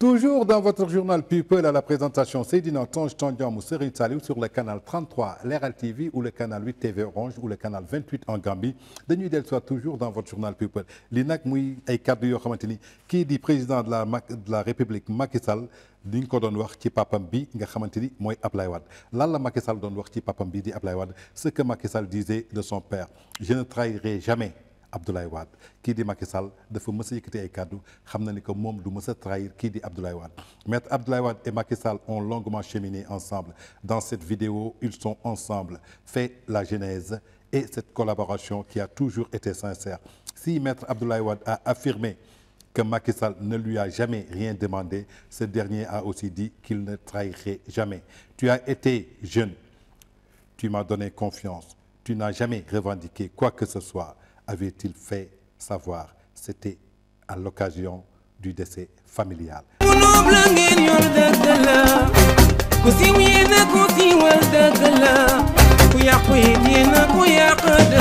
Toujours dans votre journal People à présentation, Seydina Tange Tandian Serigne Saliou sur le canal 33 Leral TV ou le canal 8 ou le canal 28 en Gambie nag muy ay kàddu yoo xamante ni kii di président de la de la République Macky Sall di nga ko doon wax ci papam bi nga xamante ni mooy Ablaye Wade lan la Macky Sall doon wax ci papam bi di Ablaye Wade ce que de son père je ne trahirai Abdoulaye Wade kii di Macky Sall dafa mës a yëkkati ay kàddu xam na ni que moom du mës a trahir kii di Abdoulaye Wade maître Abdoulaye Wade et Macky Sall ont longuement cheminé ensemble dans cette vidéo ils sont ensemble fait la genèse et cette collaboration qui a toujours été sincère si maître Abdoulaye Wade a affirmé que Macky Sall ne lui a jamais rien demandé ce dernier a aussi dit qu'il ne trahirait jamais tu as été jeune tu m'as donné confiance tu n'as jamais avait-il fait savoir c'était à l'occasion du décès familial ku siiw yéen a ku siiwal dëgg la ku yàqu yéen a